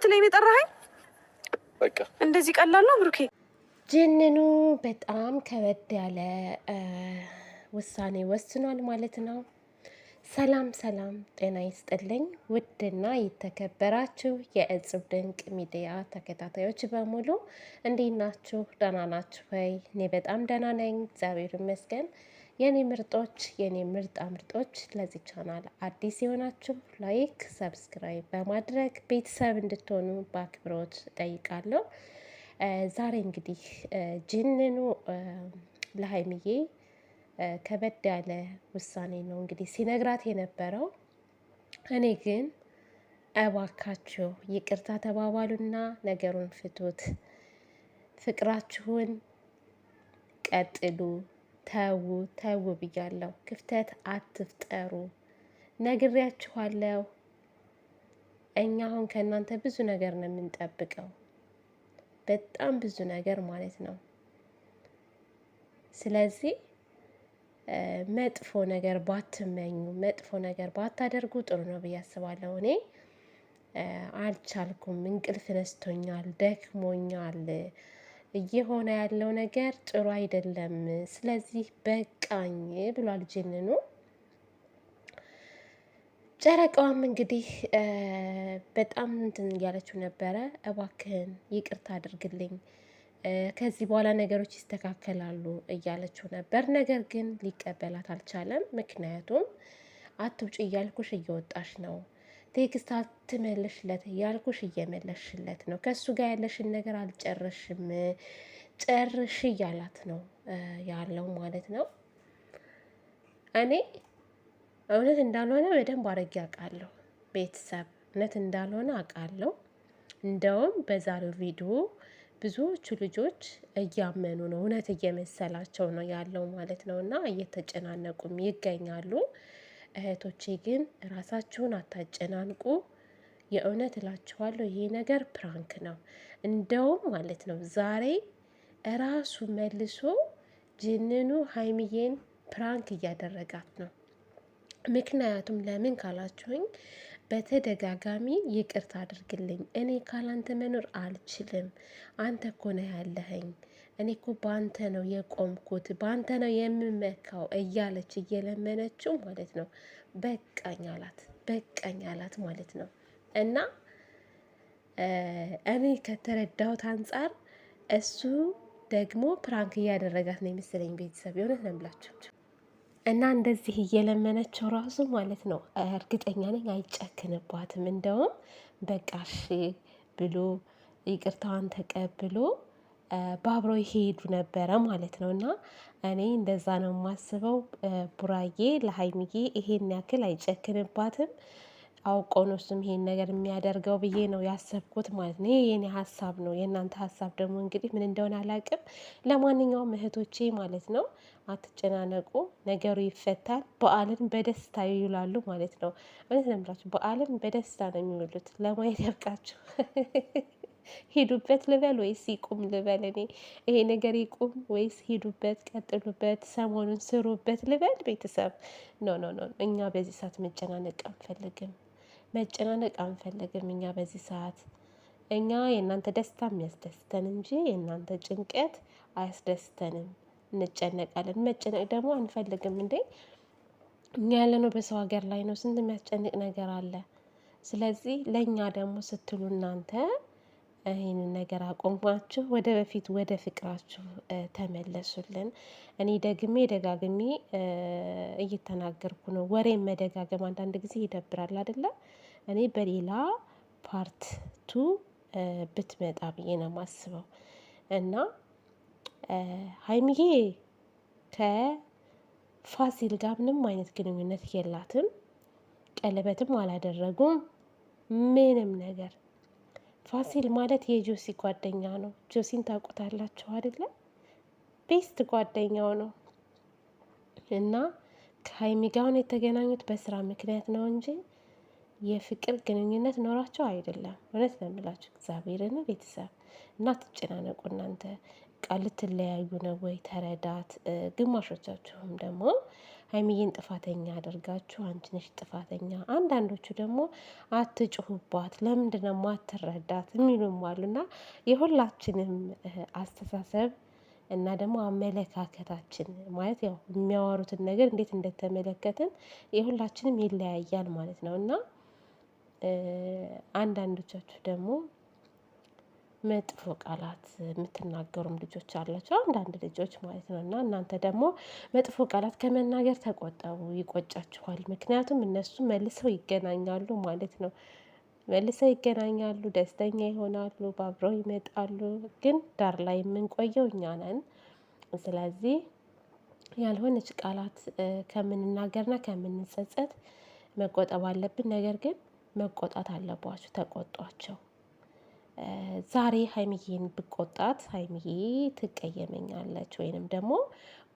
ልትለኝ የጠራኸኝ? በቃ እንደዚህ ቀላል ነው ብሩኬ? ጅንኑ በጣም ከበድ ያለ ውሳኔ ወስኗል ማለት ነው። ሰላም ሰላም፣ ጤና ይስጥልኝ ውድና የተከበራችሁ የእጽብ ድንቅ ሚዲያ ተከታታዮች በሙሉ እንዴት ናችሁ? ደህና ናችሁ ወይ? እኔ በጣም ደህና ነኝ፣ እግዚአብሔር ይመስገን። የኔ ምርጦች የኔ ምርጣ ምርጦች ለዚህ ቻናል አዲስ የሆናችሁ ላይክ፣ ሰብስክራይብ በማድረግ ቤተሰብ እንድትሆኑ በአክብሮት ጠይቃለሁ። ዛሬ እንግዲህ ጅንኑ ለሀይሚዬ ከበድ ያለ ውሳኔ ነው እንግዲህ ሲነግራት የነበረው። እኔ ግን እባካችሁ ይቅርታ ተባባሉና ነገሩን ፍቱት፣ ፍቅራችሁን ቀጥሉ ተዉ ተዉ ብያለሁ። ክፍተት አትፍጠሩ፣ ነግሬያችኋለሁ። እኛ አሁን ከእናንተ ብዙ ነገር ነው የምንጠብቀው፣ በጣም ብዙ ነገር ማለት ነው። ስለዚህ መጥፎ ነገር ባትመኙ፣ መጥፎ ነገር ባታደርጉ ጥሩ ነው ብዬ አስባለሁ። እኔ አልቻልኩም፣ እንቅልፍ ነስቶኛል፣ ደክሞኛል እየሆነ ያለው ነገር ጥሩ አይደለም። ስለዚህ በቃኝ ብሏል ጅንኑ። ጨረቃዋም እንግዲህ በጣም እንትን እያለችው ነበረ። እባክህን ይቅርታ አድርግልኝ፣ ከዚህ በኋላ ነገሮች ይስተካከላሉ እያለችው ነበር። ነገር ግን ሊቀበላት አልቻለም። ምክንያቱም አትውጭ እያልኩሽ እየወጣሽ ነው ቴክስት አትመልሽለት እያልኩሽ እየመለሽለት ነው። ከእሱ ጋር ያለሽን ነገር አልጨረሽም ጨርሽ እያላት ነው ያለው ማለት ነው። እኔ እውነት እንዳልሆነ በደንብ አድርጌ አውቃለሁ። ቤተሰብ እውነት እንዳልሆነ አውቃለሁ። እንደውም በዛሬው ቪዲዮ ብዙዎቹ ልጆች እያመኑ ነው፣ እውነት እየመሰላቸው ነው ያለው ማለት ነው እና እየተጨናነቁም ይገኛሉ። እህቶቼ ግን ራሳችሁን አታጨናንቁ። የእውነት እላችኋለሁ ይሄ ነገር ፕራንክ ነው። እንደውም ማለት ነው ዛሬ እራሱ መልሶ ጅንኑ ሀይሚዬን ፕራንክ እያደረጋት ነው። ምክንያቱም ለምን ካላችሁኝ በተደጋጋሚ ይቅርታ አድርግልኝ፣ እኔ ካላንተ መኖር አልችልም፣ አንተ እኮ ነህ ያለኸኝ እኔ እኮ በአንተ ነው የቆምኩት፣ በአንተ ነው የምመካው እያለች እየለመነችው ማለት ነው። በቃኝ አላት፣ በቃኝ አላት ማለት ነው። እና እኔ ከተረዳሁት አንጻር እሱ ደግሞ ፕራንክ እያደረጋት ነው የመሰለኝ ቤተሰብ የሆነት ነው ብላችሁ እና እንደዚህ እየለመነችው ራሱ ማለት ነው። እርግጠኛ ነኝ አይጨክንባትም። እንደውም በቃሽ ብሎ ይቅርታዋን ተቀብሎ በአብረው ይሄዱ ነበረ ማለት ነው። እና እኔ እንደዛ ነው የማስበው። ቡራዬ ለሀይሚዬ ይሄን ያክል አይጨክንባትም። አውቆ ነው እሱም ይሄን ነገር የሚያደርገው ብዬ ነው ያሰብኩት ማለት ነው። ይሄ የኔ ሀሳብ ነው። የእናንተ ሀሳብ ደግሞ እንግዲህ ምን እንደሆነ አላውቅም። ለማንኛውም እህቶቼ ማለት ነው አትጨናነቁ፣ ነገሩ ይፈታል። በዓልን በደስታ ይውላሉ ማለት ነው። እውነት ነው የምላችሁ፣ በዓልን በደስታ ነው የሚውሉት። ለማየት ያብቃችሁ። ሄዱበት ልበል ወይስ ይቁም ልበል? እኔ ይሄ ነገር ይቁም ወይስ ሄዱበት ቀጥሉበት፣ ሰሞኑን ስሩበት ልበል? ቤተሰብ ኖ ኖ ኖ፣ እኛ በዚህ ሰዓት መጨናነቅ አንፈልግም፣ መጨናነቅ አንፈልግም። እኛ በዚህ ሰዓት እኛ የእናንተ ደስታ የሚያስደስተን እንጂ የእናንተ ጭንቀት አያስደስተንም። እንጨነቃለን። መጨነቅ ደግሞ አንፈልግም። እንዴ እኛ ያለነው በሰው ሀገር ላይ ነው። ስንት የሚያስጨንቅ ነገር አለ። ስለዚህ ለእኛ ደግሞ ስትሉ እናንተ ይህንን ነገር አቆማችሁ ወደ በፊት ወደ ፍቅራችሁ ተመለሱልን። እኔ ደግሜ ደጋግሜ እየተናገርኩ ነው። ወሬም መደጋገም አንዳንድ ጊዜ ይደብራል አይደለም። እኔ በሌላ ፓርት ቱ ብትመጣ ብዬ ነው የማስበው እና ሀይሚዬ ከፋሲል ጋር ምንም አይነት ግንኙነት የላትም። ቀለበትም አላደረጉም ምንም ነገር ፋሲል ማለት የጆሲ ጓደኛ ነው። ጆሲን ታውቁታላችሁ አይደለ? ቤስት ጓደኛው ነው እና ከሀይሚ የተገናኙት በስራ ምክንያት ነው እንጂ የፍቅር ግንኙነት ኖራቸው አይደለም። እውነት ነው የምላችሁ እግዚአብሔርን ቤተሰብ እና ትጨናነቁ እናንተ ቃል ልትለያዩ ነው ወይ? ተረዳት። ግማሾቻችሁም ደግሞ ሀይሚዬን ጥፋተኛ አድርጋችሁ አንቺ ነሽ ጥፋተኛ። አንዳንዶቹ ደግሞ አትጩሁባት፣ ለምንድነው አትረዳት የሚሉም አሉና የሁላችንም አስተሳሰብ እና ደግሞ አመለካከታችን ማለት ያው የሚያወሩትን ነገር እንዴት እንደተመለከትን የሁላችንም ይለያያል ማለት ነው እና አንዳንዶቻችሁ ደግሞ መጥፎ ቃላት የምትናገሩም ልጆች አላቸው አንዳንድ ልጆች ማለት ነው። እና እናንተ ደግሞ መጥፎ ቃላት ከመናገር ተቆጠቡ ይቆጫችኋል። ምክንያቱም እነሱ መልሰው ይገናኛሉ ማለት ነው። መልሰው ይገናኛሉ ደስተኛ ይሆናሉ ባብረው ይመጣሉ። ግን ዳር ላይ የምንቆየው እኛ ነን። ስለዚህ ያልሆነች ቃላት ከምንናገርና ከምንጸጸት መቆጠብ አለብን። ነገር ግን መቆጣት አለባችሁ። ተቆጧቸው ዛሬ ሀይሚዬን ብቆጣት ሀይሚዬ ትቀየመኛለች ወይንም ደግሞ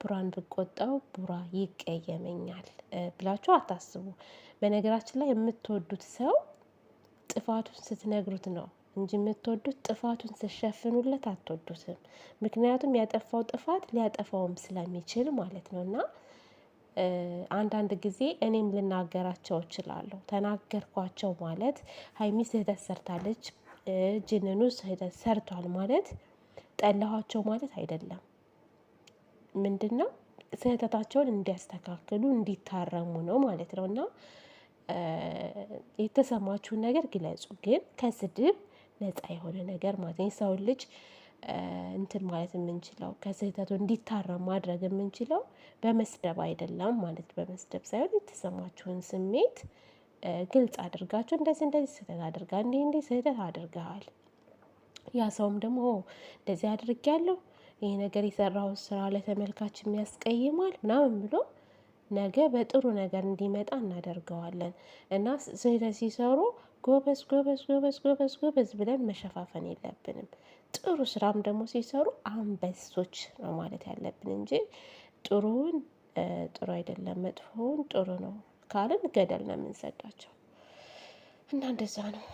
ቡራን ብቆጣው ቡራ ይቀየመኛል ብላችሁ አታስቡ። በነገራችን ላይ የምትወዱት ሰው ጥፋቱን ስትነግሩት ነው እንጂ የምትወዱት ጥፋቱን ስትሸፍኑለት አትወዱትም። ምክንያቱም ያጠፋው ጥፋት ሊያጠፋውም ስለሚችል ማለት ነው እና አንዳንድ ጊዜ እኔም ልናገራቸው እችላለሁ። ተናገርኳቸው ማለት ሀይሚ ስህተት ሰርታለች ጅንን ውስጥ ሰርቷል ማለት ጠላኋቸው ማለት አይደለም። ምንድን ነው ስህተታቸውን እንዲያስተካክሉ እንዲታረሙ ነው ማለት ነው። እና የተሰማችሁን ነገር ግለጹ፣ ግን ከስድብ ነፃ የሆነ ነገር ማለት ነው። የሰውን ልጅ እንትን ማለት የምንችለው ከስህተቱ እንዲታረም ማድረግ የምንችለው በመስደብ አይደለም ማለት በመስደብ ሳይሆን የተሰማችሁን ስሜት ግልጽ አድርጋችሁ እንደዚህ እንደዚህ ስህተት አድርጋ እንዲህ እንዲህ ስህተት አድርገሃል። ያ ሰውም ደግሞ እንደዚህ አድርግ ያለው ይህ ነገር የሰራው ስራ ለተመልካች የሚያስቀይማል ምናምን ብሎ ነገ በጥሩ ነገር እንዲመጣ እናደርገዋለን እና ስህተት ሲሰሩ ጎበዝ ጎበዝ ጎበዝ ጎበዝ ጎበዝ ብለን መሸፋፈን የለብንም። ጥሩ ስራም ደግሞ ሲሰሩ አንበሶች ነው ማለት ያለብን እንጂ ጥሩውን ጥሩ አይደለም፣ መጥፎውን ጥሩ ነው ካልን ገደል ነው የምንሰዳቸው እና እንደዛ ነው።